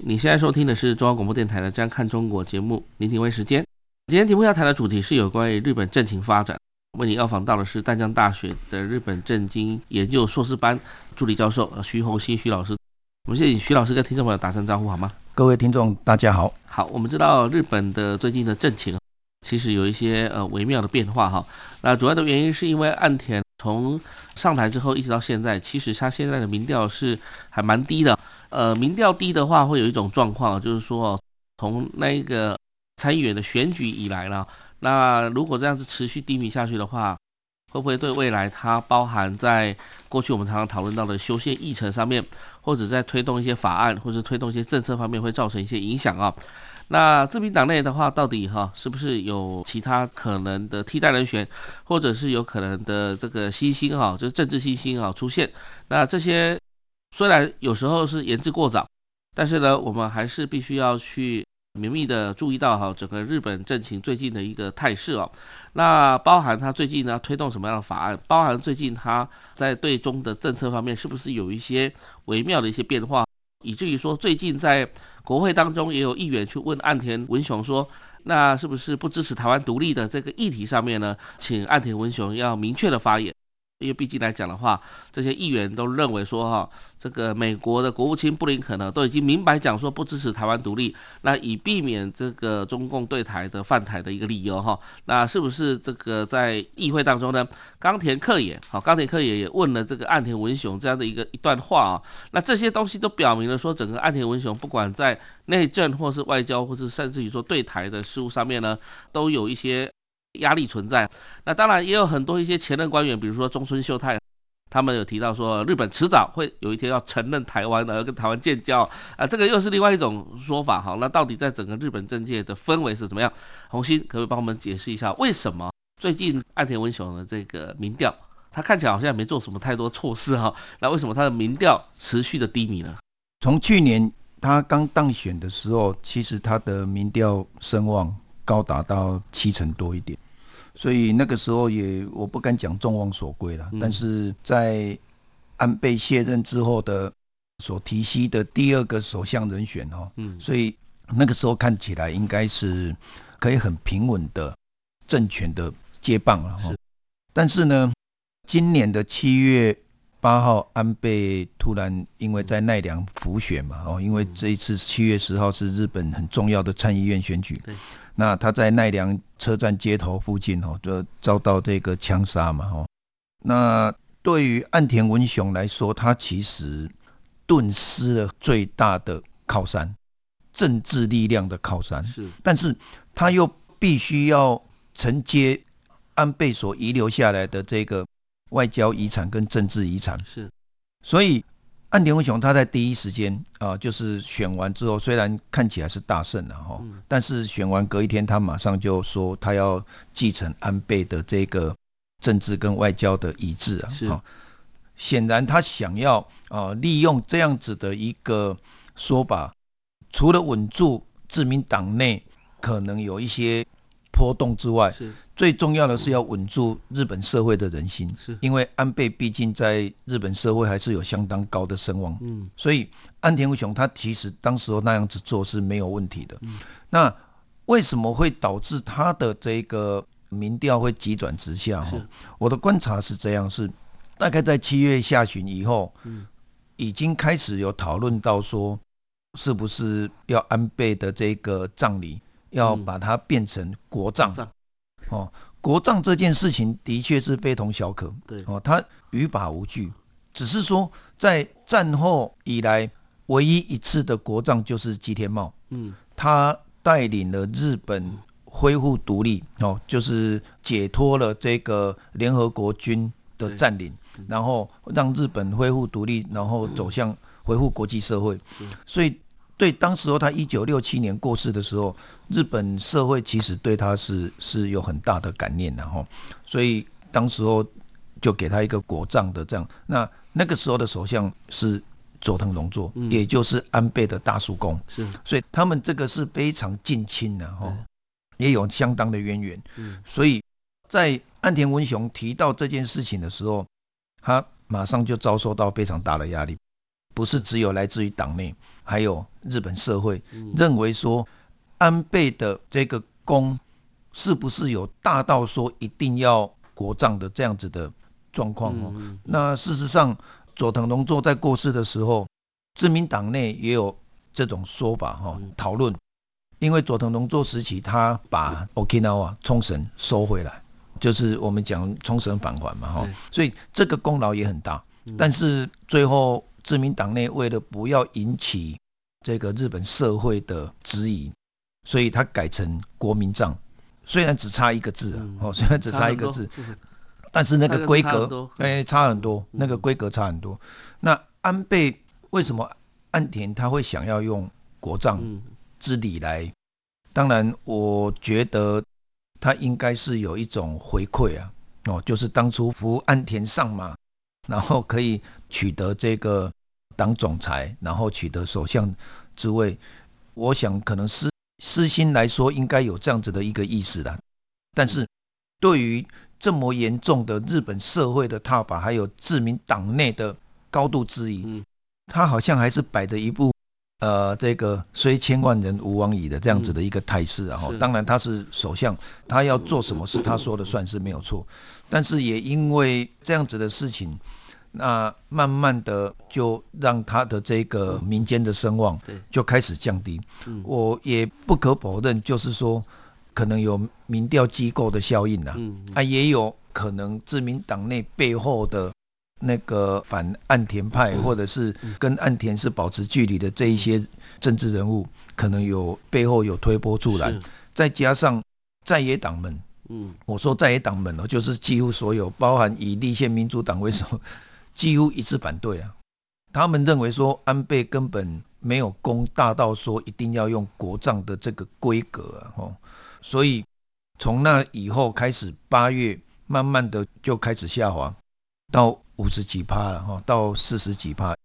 你現在收聽的是中央廣播電台的《這樣看中國》節目，林廷輝時間。今天節目要談的主題是有關於日本政情發展。為你要訪到的是淡江大學的日本政經研究碩士班助理教授徐浤馨徐老師。我們先請徐老師跟聽眾朋友打聲招呼好嗎？各位聽眾，大家好。好，我們知道日本的最近的政情，其實有一些呃微妙的變化哈、哦。那主要的原因是因為岸田從上台之後一直到現在，其實他現在的民調是還蠻低的。呃，民調低的話，會有一種狀況，就是說，從那個參議院的選舉以來呢，那如果這樣子持續低迷下去的話，會不會對未來它包含在過去我們常常討論到的修憲議程上面，或者在推動一些法案，或者推動一些政策方面會造成一些影響啊？那自民黨內的話，到底哈是不是有其他可能的替代人選，或者是有可能的這個新星哈，就是政治新星啊出現？那這些？雖然有時候是言之過早，但是呢，我們還是必須要去嚴密的注意到哈整個日本政情最近的一個態勢哦。那包含他最近呢推動什麼樣的法案，包含最近他在對中的政策方面是不是有一些微妙的一些變化，以至於說最近在國會當中也有議員去問岸田文雄說，那是不是不支持台灣獨立的這個議題上面呢，請岸田文雄要明確的發言。因為畢竟來講的話，這些議員都認為說哈，這個美國的國務卿布林肯呢都已經明白講說不支持台灣獨立，那以避免這個中共對台的犯台的一個理由哈，那是不是這個在議會當中呢？岡田克也，好，岡田克也也問了這個岸田文雄這樣的一個一段話啊，那這些東西都表明了說，整個岸田文雄不管在內政或是外交，或是甚至於說對台的事務上面呢，都有一些壓力存在，那當然也有很多一些前任官員，比如說中村秀太，他們有提到說日本遲早會有一天要承認台灣，要跟台灣建交啊，這個又是另外一種說法哈。那到底在整個日本政界的氛圍是怎麼樣？浤馨，可不可以幫我們解釋一下，為什麼最近岸田文雄的這個民調，他看起來好像也沒做什麼太多措施哈，那為什麼他的民調持續的低迷呢？從去年他剛當選的時候，其實他的民調聲望高達到七成多一點。所以那個時候也我不敢講眾望所歸了，嗯、但是在安倍卸任之後的所提及的第二個首相人選哦，嗯、所以那個時候看起來應該是可以很平穩的政權的接棒了、哦，是。但是呢，今年的七月八號，安倍突然因為在奈良輔選嘛，哦、嗯，因為這一次七月十號是日本很重要的參議院選舉，那他在奈良車站街頭附近哦，就遭到這個槍殺嘛，哦，那對於岸田文雄來說，他其實頓失了最大的靠山，政治力量的靠山是，但是他又必須要承接安倍所遺留下來的這個外交遺產跟政治遺產是，所以。岸田文雄他在第一時間啊，就是選完之後，雖然看起來是大勝了、啊、哈，但是選完隔一天，他馬上就說他要繼承安倍的這個政治跟外交的遺志啊。是。顯然他想要啊，利用這樣子的一個說法，除了穩住自民黨內可能有一些波動之外。是。最重要的是要穩住日本社會的人心，嗯、是，因為安倍畢竟在日本社會還是有相當高的聲望，嗯，所以岸田文雄他其實當時候那樣子做是沒有問題的，嗯、那為什麼會導致他的這個民調會急轉直下？哈是，我的觀察是這樣，是大概在七月下旬以後，嗯，已經開始有討論到說，是不是要安倍的這個葬禮要把它變成國葬？嗯嗯哦，國葬這件事情的確是非同小可。對，哦，他於法無據，只是說在戰後以來唯一一次的國葬就是吉田茂。嗯，他帶領了日本恢復獨立，哦，就是解脫了這個聯合國軍的佔領，然後讓日本恢復獨立，然後走向恢復國際社會，嗯、所以。對，當時候他一九六七年過世的時候，日本社會其實對他是是有很大的感念、啊、然後所以當時候就給他一個國葬的這樣。那那個時候的首相是佐藤榮作，嗯、也就是安倍的大叔公，是，所以他們這個是非常近親的、啊、哈，嗯、也有相當的淵源。嗯、所以在岸田文雄提到這件事情的時候，他馬上就遭受到非常大的壓力。不是只有來自於黨內，還有日本社會認為說，安倍的這個功是不是有大到說一定要國葬的這樣子的狀況、嗯、那事實上，佐藤榮作在過世的時候，自民黨內也有這種說法哈，嗯、討論。因為佐藤榮作時期，他把 Okinawa 沖繩收回來，就是我們講沖繩返還嘛哈，對所以這個功勞也很大，但是最後。自民黨內為了不要引起這個日本社會的質疑，所以他改成國民葬，雖然只差一個字啊，嗯、哦，雖然只差一個字，但是那個規格誒、哎，差很多，嗯、那個規格差很多。那安倍為什麼岸田他會想要用國葬之禮來？嗯、當然，我覺得他應該是有一種回饋啊，哦，就是當初扶岸田上嘛，然後可以。取得這個黨總裁，然後取得首相之位，我想可能是私心來說，應該有這樣子的一個意思啦。但是，對於這麼嚴重的日本社會的撻伐，還有自民黨內的高度質疑，嗯、他好像還是擺着一部呃，這個雖千萬人吾往矣的這樣子的一個態勢、啊。然後、嗯，當然他是首相，他要做什麼事，他說的算是沒有錯。但是也因為這樣子的事情。那慢慢的就讓他的這個民間的聲望就開始降低。嗯，我也不可否認，就是說可能有民調機構的效應吶，啊，嗯嗯啊，也有可能自民黨內背後的那個反岸田派，嗯嗯，或者是跟岸田是保持距離的這一些政治人物，可能有背後有推波助瀾。是再加上在野黨們，嗯，我說在野黨們哦，就是幾乎所有包含以立憲民主黨為首。嗯幾乎一致反對啊！他們認為說安倍根本沒有功大到說一定要用國葬的這個規格啊，吼！所以從那以後開始，八月慢慢的就開始下滑，到五十幾趴了哈，到四十幾趴，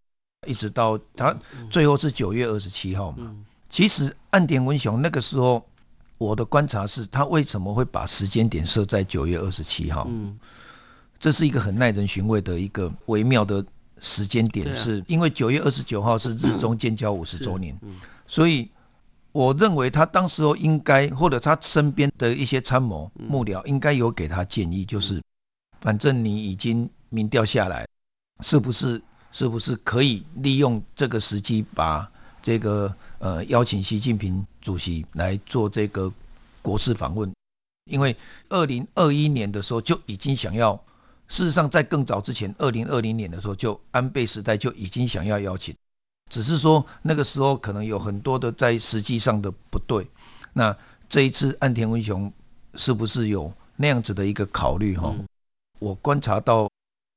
一直到他最後是九月二十七號嘛。嗯、其實岸田文雄那個時候，我的觀察是他為什麼會把時間點設在九月二十七號？嗯這是一個很耐人尋味的一個微妙的時間點，是因為九月二十九號是日中建交五十周年，所以我認為他當時候應該或者他身邊的一些參謀幕僚應該有給他建議，就是反正你已經民調下來，是不是是不是可以利用這個時機把這個呃邀請習近平主席來做這個國事訪問，因為二零二一年的時候就已經想要。事實上，在更早之前，二零二零年的時候，就安倍時代就已經想要邀請，只是說那個時候可能有很多的在實際上的不對。那這一次岸田文雄是不是有那樣子的一個考慮？哈、嗯，我觀察到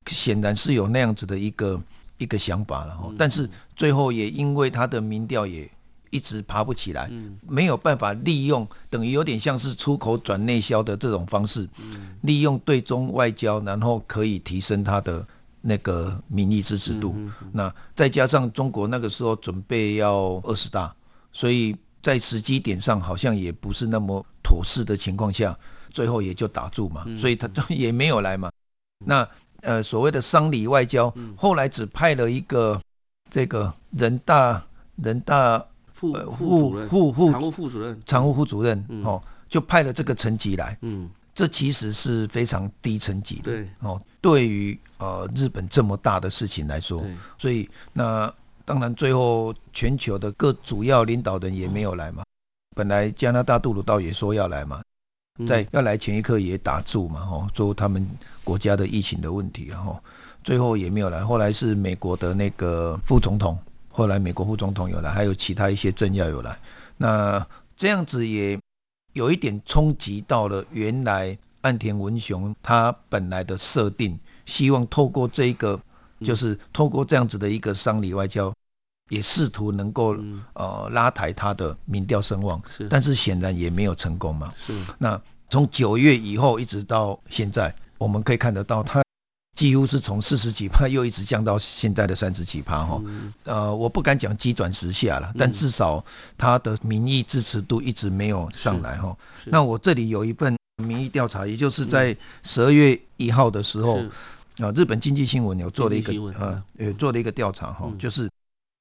顯然是有那樣子的一個一個想法了哈，但是最後也因為他的民調也。一直爬不起來，嗯、沒有辦法利用，等於有點像是出口轉內銷的這種方式，嗯、利用對中外交，然後可以提升他的那個民意支持度。嗯嗯嗯、那再加上中國那個時候準備要二十大，所以在時機點上好像也不是那麼妥適的情況下，最後也就打住嘛，嗯嗯、所以他都也沒有來嘛。嗯、那呃，所謂的喪禮外交，嗯、後來只派了一個這個人大人大。副副主任副副、副常務副主任常務副主任、嗯、哦，就派了這個層級來，嗯，這其實是非常低層級的，對、嗯、哦。對於呃日本這麼大的事情來說，嗯、所以那當然最後全球的各主要領導人也沒有來嘛。嗯、本來加拿大杜魯道也說要來嘛，在要來前一刻也打住嘛，吼、哦，說他們國家的疫情的問題，吼、哦，最後也沒有來。後來是美國的那個副總統。後來美國副總統有來，還有其他一些政要有來，那這樣子也有一點衝擊到了原來岸田文雄他本來的設定，希望透過這一個，就是透過這樣子的一個商禮外交，也試圖能夠呃拉抬他的民調聲望，是但是顯然也沒有成功嘛。是，那從九月以後一直到現在，我們可以看得到他，幾乎是從四十幾趴又一直降到現在的三十幾趴哈，嗯、呃，我不敢講急轉直下了，嗯、但至少他的民意支持度一直沒有上來哈。那我這裡有一份民意調查，也就是在十二月一號的時候，嗯、啊，日本經濟新聞有做了一個啊，呃，也做了一個調查哈，嗯、就是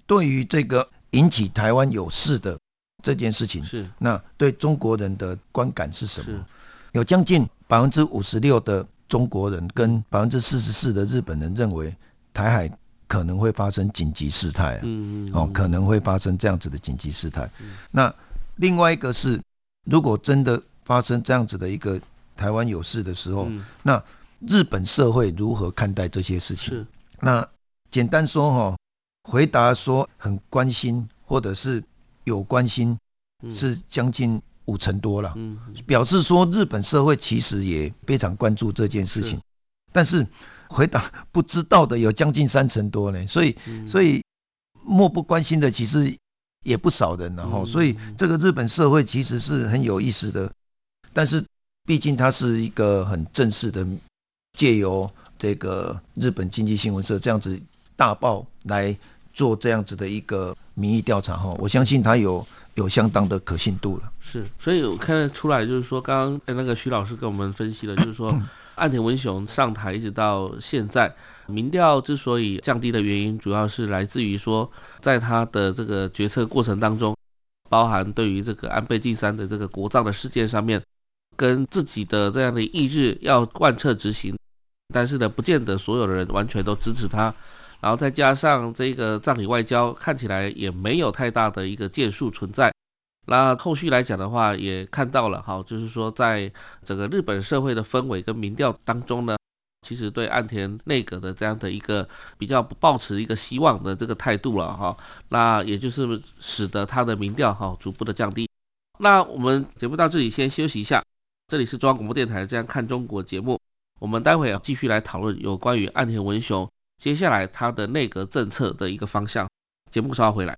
對於這個引起台灣有事的這件事情，是那對中國人的觀感是什麼？是有將近百分之五十六的。中國人跟百分之四十四的日本人認為，台海可能會發生緊急事態啊，嗯嗯嗯、哦，可能會發生這樣子的緊急事態。嗯、那另外一個是，如果真的發生這樣子的一個台灣有事的時候，嗯、那日本社會如何看待這些事情？是，那簡單說哈、哦，回答說很關心或者是有關心，嗯、是將近。五成多了，表示說日本社會其實也非常關注這件事情，是。但是回答不知道的有將近三成多呢，所以，嗯、所以漠不關心的其實也不少人，然後，嗯、所以這個日本社會其實是很有意思的，但是畢竟它是一個很正式的，借由這個日本經濟新聞社這樣子大報來做這樣子的一個民意調查哈，我相信它有。有相當的可信度了。是，所以我看得出來，就是說，剛剛那個徐老師跟我們分析了，就是說，岸田文雄上台一直到現在，民調之所以降低的原因，主要是來自於說，在他的這個決策過程當中，包含對於這個安倍晉三的這個國葬的事件上面，跟自己的這樣的意志要貫徹執行，但是呢，不見得所有的人完全都支持他。然後再加上這個葬禮外交，看起來也沒有太大的一個建樹存在。那後續來講的話，也看到了哈，就是說在整個日本社會的氛圍跟民調當中呢，其實對岸田內閣的這樣的一個比較不抱持一個希望的這個態度了哈。那也就是使得他的民調哈逐步的降低。那我們節目到這裡先休息一下，這裡是中央廣播電台，這樣看中國節目，我們待會兒繼續來討論有關於岸田文雄，接下來，他的內閣政策的一個方向，節目稍後回來。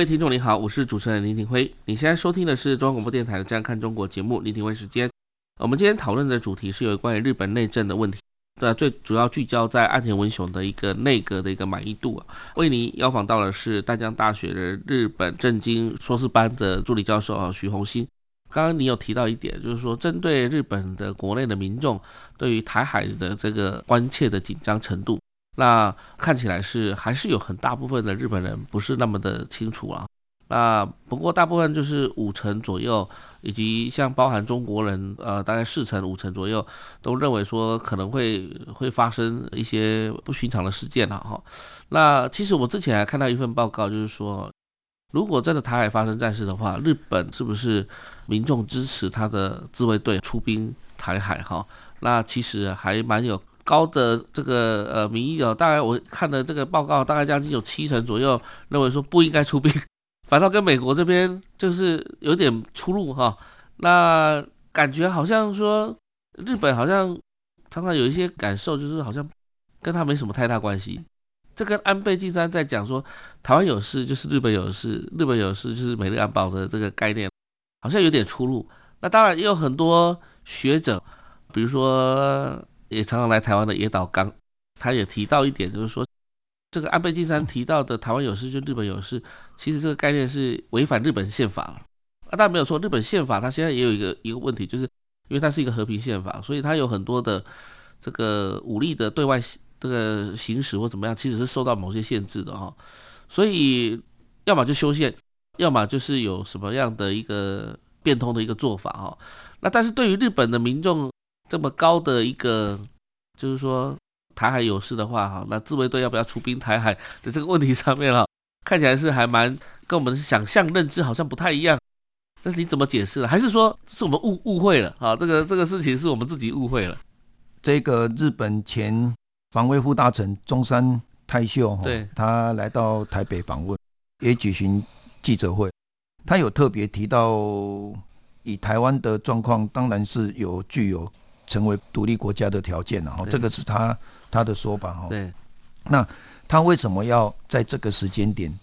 各位聽眾您好，我是主持人林廷輝。你現在收聽的是中央廣播電台的《這樣看中國》節目，林廷輝時間。我們今天討論的主題是有關於日本內政的問題，對，啊，最主要聚焦在岸田文雄的一個內閣的一個滿意度啊。為您邀訪到的是淡江大學的日本政經碩士班的助理教授啊徐浤馨。剛剛你有提到一點，就是說針對日本的國內的民眾對於台海的這個關切的緊張程度。那看起來是還是有很大部分的日本人不是那麼的清楚啊。那不過大部分就是五成左右，以及像包含中國人，呃，大概四成五成左右，都認為說可能會會發生一些不尋常的事件了哈。那其實我之前還看到一份報告，就是說，如果真的台海發生戰事的話，日本是不是民眾支持他的自衛隊出兵台海哈？啊？那其實還蠻有。高的這個呃民意哦，大概我看的這個報告大概將近有七成左右認為說不應該出兵，反倒跟美國這邊就是有點出入哈、哦。那感覺好像說日本好像常常有一些感受，就是好像跟他沒什麼太大關係。這跟安倍晉三在講說台灣有事就是日本有事，日本有事就是美日安保的這個概念，好像有點出入。那當然也有很多學者，比如說。也常常來台灣的野島剛，他也提到一點，就是說，這個安倍晉三提到的台灣有事就日本有事，其實這個概念是違反日本憲法了。啊，當然沒有錯，日本憲法它現在也有一個一個問題，就是因為它是一個和平憲法，所以它有很多的這個武力的對外這個行使或怎麼樣，其實是受到某些限制的哈、哦。所以，要麼就修憲，要麼就是有什麼樣的一個變通的一個做法哈、哦。那但是對於日本的民眾，這麼高的一個，就是說台海有事的話，哈，那自衛隊要不要出兵台海的這個問題上面看起來是還蠻跟我們想象認知好像不太一樣。但是你怎麼解釋呢？還是說是我們誤誤會了啊？這個這個事情是我們自己誤會了。這個日本前防衛副大臣中山泰秀，對，他來到台北訪問，也舉行記者會，他有特別提到，以台灣的狀況，當然是有具有。成為獨立國家的條件、啊，然後這個是他對他的說法哈、啊。對那他為什麼要在這個時間點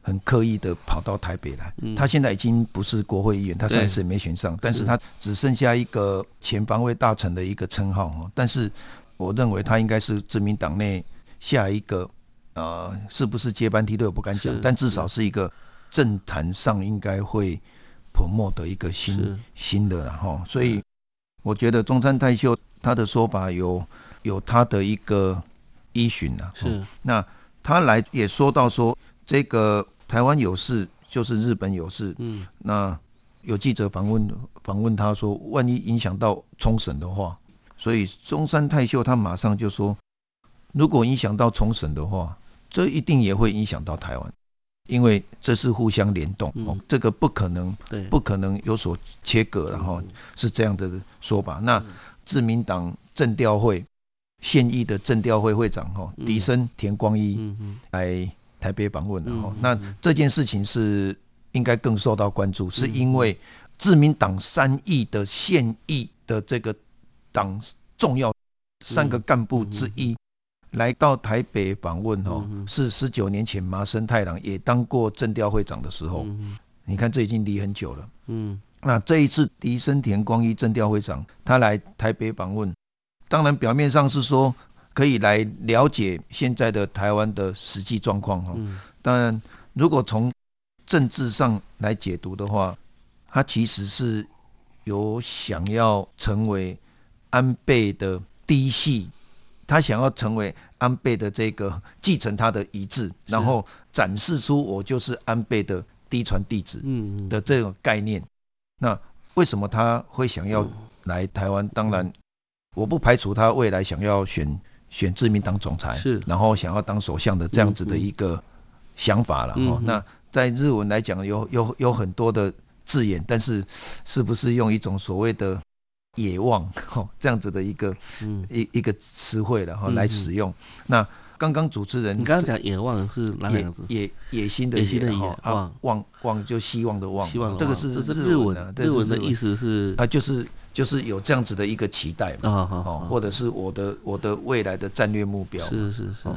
很刻意的跑到台北來？嗯、他現在已經不是國會議員，他上一次也沒選上，對但是他只剩下一個前防衛大臣的一個稱號哈、啊。但是我認為他應該是自民黨內下一個呃，是不是接班梯隊我不敢講，是但至少是一個政壇上應該會蓬勃的一個新是新的然、啊、後，所以。我覺得中山泰秀他的說法有有他的一個依循、啊、是、嗯。那他來也說到說這個台灣有事就是日本有事，嗯。那有記者訪問訪問他說，萬一影響到冲繩的話，所以中山泰秀他馬上就說，如果影響到冲繩的話，這一定也會影響到台灣。因為這是互相聯動，哦、嗯，這個不可能，對，不可能有所切割，然後、嗯、哼是這樣的說法。那自民黨政調會現役的政調會會長哈，萩生田光一、嗯、哼來台北訪問，然後、嗯、哼那這件事情是應該更受到關注，嗯、哼是因為自民黨三役的現役的這個黨重要三個幹部之一。嗯來到台北訪問哦，嗯、哼是十九年前麻生太郎也當過政調會長的時候，嗯、哼你看這已經離很久了。嗯，那這一次萩生田光一政調會長他來台北訪問，當然表面上是說可以來了解現在的台灣的實際狀況哈、哦。當然、嗯，如果從政治上來解讀的話，他其實是有想要成為安倍的嫡系，他想要成為。安倍的這個繼承他的遺志，是然後展示出我就是安倍的嫡傳弟子的這種概念。嗯嗯，那為什麼他會想要來台灣？嗯、當然，我不排除他未來想要選選自民黨總裁，是，然後想要當首相的這樣子的一個想法了。嗯嗯，那在日文來講有，有有有很多的字眼，但是是不是用一種所謂的？野望，吼這樣子的一個，嗯，一一個詞彙了，吼來使用。那剛剛主持人，你剛剛講野望是哪樣子？野野心的野，啊望望就希望的望。希望這個是這是日文，日文的意思是。啊，就是就是有這樣子的一個期待嘛，啊或者是我的我的未來的戰略目標。是是是。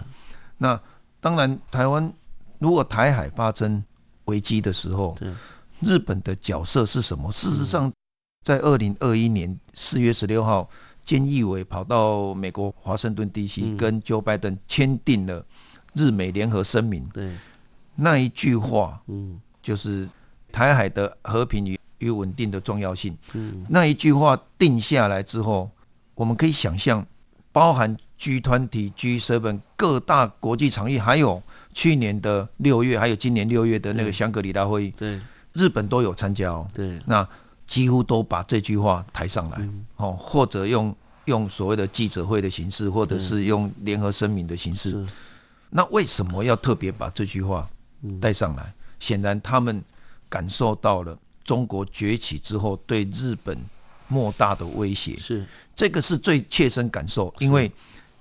那當然，台灣如果台海發生危機的時候，日本的角色是什麼？事實上。在二零二一年四月十六號，菅義偉跑到美國華盛頓地區跟 Joe、嗯、拜登簽訂了日美聯合聲明。對，那一句話，嗯，就是台海的和平與與穩定的重要性。嗯，那一句話定下來之後，我們可以想象，包含 G 團體、G7 各大國際場域，還有去年的六月，還有今年六月的那個香格里拉會議，對，對日本都有參加、哦。對，那。幾乎都把這句話抬上來，哦、嗯，或者用用所謂的記者會的形式，或者是用聯合聲明的形式。嗯、那為什麼要特別把這句話帶上來？顯、嗯、然，他們感受到了中國崛起之後對日本莫大的威脅。是這個是最切身感受，是因為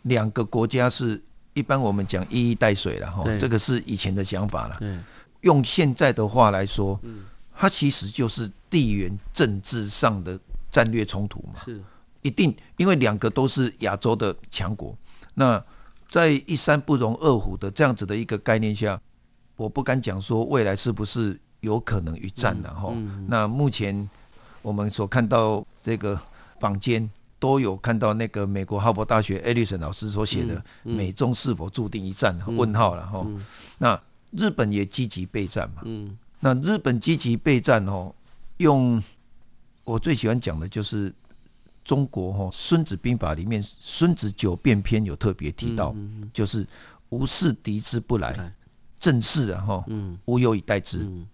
兩個國家是一般我們講一衣帶水了哈，對這個是以前的想法了。對用現在的話來說，嗯它其實就是地緣政治上的戰略衝突嘛，是一定，因為兩個都是亞洲的強國，那在一山不容二虎的這樣子的一個概念下，我不敢講說未來是不是有可能一戰的哈。嗯嗯、吼那目前我們所看到這個坊間都有看到那個美國哈佛大學艾利森老師所寫的《美中是否注定一戰》的、嗯嗯、問號了哈。嗯、那日本也積極備戰嘛。嗯那日本積極備戰哦，用我最喜歡講的就是中國哈、哦《孫子兵法》裡面《孫子九變篇》有特別提到，嗯、就是無事敵之不來，不來正事啊吼吾有以待之；嗯、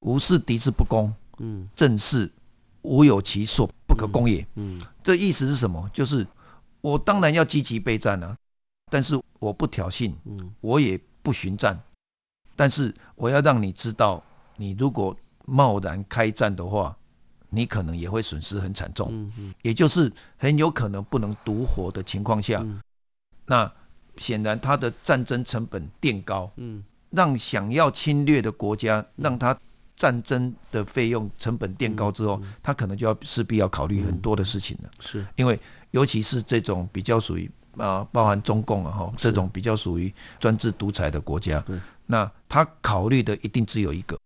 無事敵之不攻，嗯、正事無有其所不可攻也。嗯嗯、這意思是什麼？就是我當然要積極備戰啊，但是我不挑釁，我也不尋戰，但是我要讓你知道。你如果貿然開戰的話，你可能也會損失很慘重，嗯嗯哼，也就是很有可能不能獨活的情況下，嗯、那顯然他的戰爭成本墊高，嗯，讓想要侵略的國家讓他戰爭的費用成本墊高之後，嗯嗯，他可能就要勢必要考慮很多的事情了，嗯、是，因為尤其是這種比較屬於啊，包含中共啊哈這種比較屬於專制獨裁的國家，是那他考慮的一定只有一個。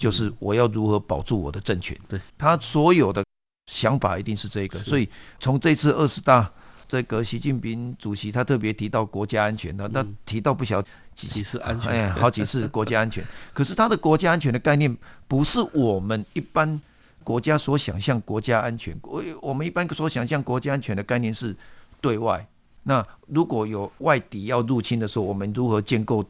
就是我要如何保住我的政權？嗯、對，他所有的想法一定是這個。是所以從這次二十大，這個習近平主席他特別提到國家安全的，嗯、他提到不曉幾、幾次安全，哎、好幾次國家安全。 可是他的國家安全的概念，不是我們一般國家所想象國家安全我。我們一般所想象國家安全的概念是對外，那如果有外敵要入侵的時候，我們如何建構？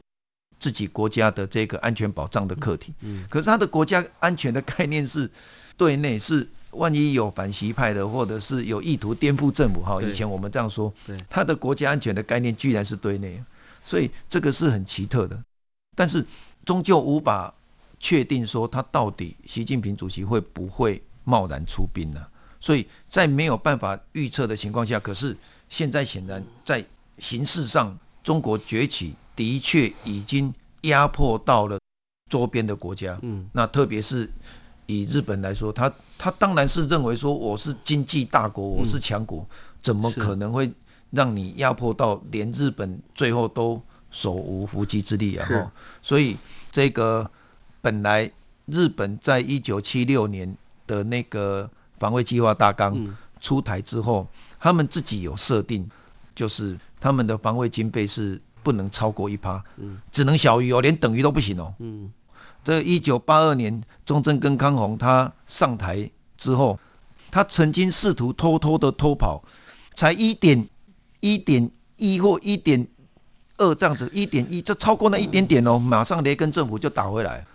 自己國家的這個安全保障的課題，可是他的國家安全的概念是對內，是萬一有反習派的，或者是有意圖顛覆政府，哈，以前我們這樣說，他的國家安全的概念居然是對內，所以這個是很奇特的，但是終究無法確定說他到底習近平主席會不會貿然出兵呢、啊？所以在沒有辦法預測的情況下，可是現在顯然在形勢上中國崛起。的確已經壓迫到了周邊的國家，嗯，那特別是以日本來說，他他當然是認為說，我是經濟大國，我是強國，嗯、怎麼可能會讓你壓迫到連日本最後都手無縛雞之力啊？哈是，所以這個本來日本在一九七六年的那個防衛計劃大綱出台之後，嗯、他們自己有設定，就是他們的防衛經費是。不能超過一趴，嗯、只能小於哦，連等於都不行哦。嗯，這一九八二年，中曾根康弘他上台之後，他曾經試圖偷偷的偷跑，才一點一點一或一點二這樣子，一點一就超過那一點點哦，嗯、馬上雷根政府就打回來，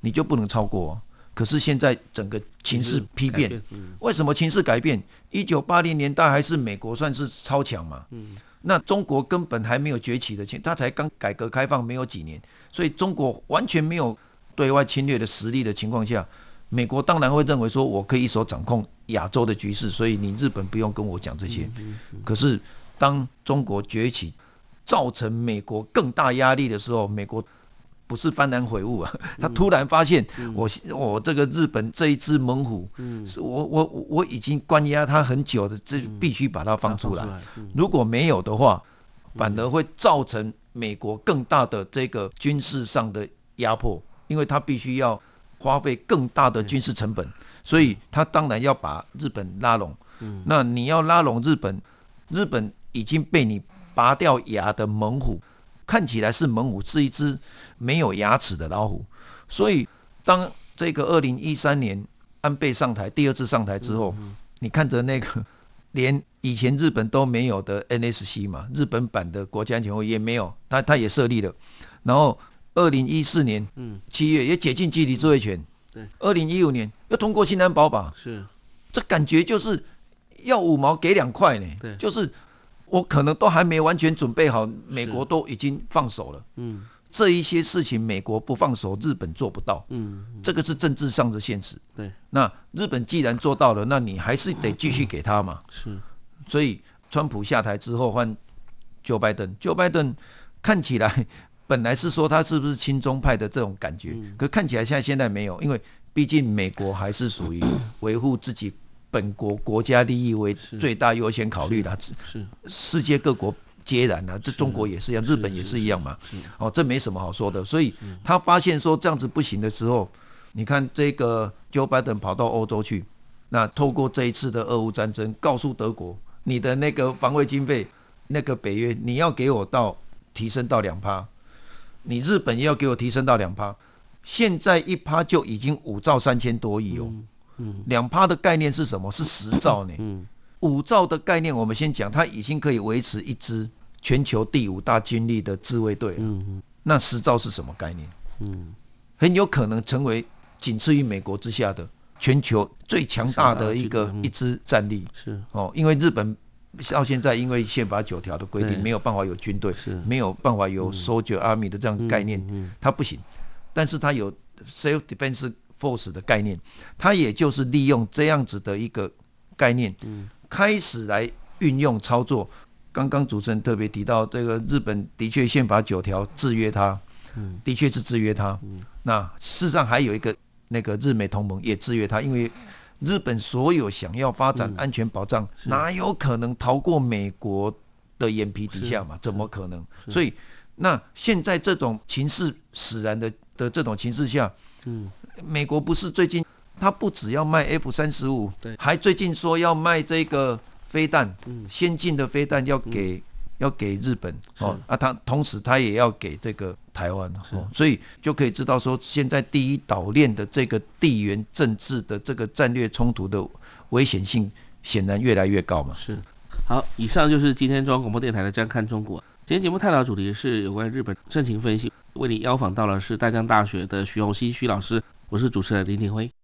你就不能超過、哦。可是現在整個情勢丕變，嗯、改變、嗯、為什麼情勢改變？一九八零年代還是美國算是超強嘛？嗯那中國根本還沒有崛起的，他才剛改革開放沒有幾年，所以中國完全沒有對外侵略的實力的情況下，美國當然會認為說我可以一手掌控亞洲的局勢，所以你日本不用跟我講這些。嗯嗯嗯嗯，可是當中國崛起，造成美國更大壓力的時候，美國。不是幡然悔悟啊， 他突然發現、嗯、我我這個日本這一只猛虎，嗯、是我我我已經關押他很久的，這必須把它放出來。把它出來，嗯、如果沒有的話，反而會造成美國更大的這個軍事上的壓迫，因為他必須要花費更大的軍事成本，嗯、所以他當然要把日本拉攏。嗯、那你要拉攏日本，日本已經被你拔掉牙的猛虎。看起來是猛虎，是一隻沒有牙齒的老虎。所以，當這個2013年安倍上台，第二次上台之後，嗯嗯你看着那個連以前日本都沒有的 NSC 嘛，日本版的國家安全會也沒有，他他也設立了。然後，2014年七月也解禁集體自衛權。對。2015年又通過新安保法。是。這感覺就是要五毛給兩塊呢。對就是。我可能都還沒完全準備好，美國都已經放手了。嗯，這一些事情，美國不放手，日本做不到。嗯，嗯，這個是政治上的現實。對，那日本既然做到了，那你還是得繼續給他嘛。嗯、是，所以川普下台之後換，喬拜登，喬拜登看起來本來是說他是不是親中派的這種感覺，嗯、可看起來像現，現在沒有，因為畢竟美國還是屬於維護自己。本國國家利益為最大優先考慮的，是世界各國皆然啊，這是中國也是一樣，是日本也是一樣嘛。哦，這沒什麼好說的。是所以他發現說這樣子不行的時候，你看這個 Joe Biden 跑到歐洲去，那透過這一次的俄烏戰爭，告訴德國，你的那個防衛經費，那個北約你要給我到提升到兩趴，你日本要給我提升到兩趴，現在一趴就已經五兆三千多億哦。嗯嗯，兩趴的概念是什麼？是十兆呢、欸。五、嗯、兆的概念，我們先講，它已經可以維持一支全球第五大軍力的自衛隊了。嗯嗯、那十兆是什麼概念？嗯，很有可能成為僅次於美國之下的全球最強大的一個一支戰力。D, 嗯、是哦，因為日本到現在因為憲法九條的規定，沒有辦法有軍隊，沒有辦法有 soldier army 的這樣概念，嗯嗯嗯嗯、它不行。但是它有 self defense。force 的概念，它也就是利用這樣子的一個概念，嗯、開始來運用操作。剛剛主持人特別提到，這個日本的確憲法九條制約它，嗯、的確是制約它。嗯、那事實上還有一個那個日美同盟也制約它，因為日本所有想要發展安全保障，嗯、哪有可能逃過美國的眼皮底下嘛？是怎麼可能？所以，那現在這種情勢使然的的這種情勢下，嗯。美國不是最近，他不只要賣 F 三十五，還最近說要賣這個飛彈，嗯、先進的飛彈要給、嗯、要給日本是哦。啊，他同時他也要給這個台灣是、哦，所以就可以知道說，現在第一島鏈的這個地緣政治的這個戰略衝突的危險性顯然越來越高嘛。是，好，以上就是今天中央廣播電臺的《這樣看中國》。今天節目探討主題是有關日本，盛情分析為你邀訪到了是大江大學的徐洪熙徐老師。我是主持人林廷輝。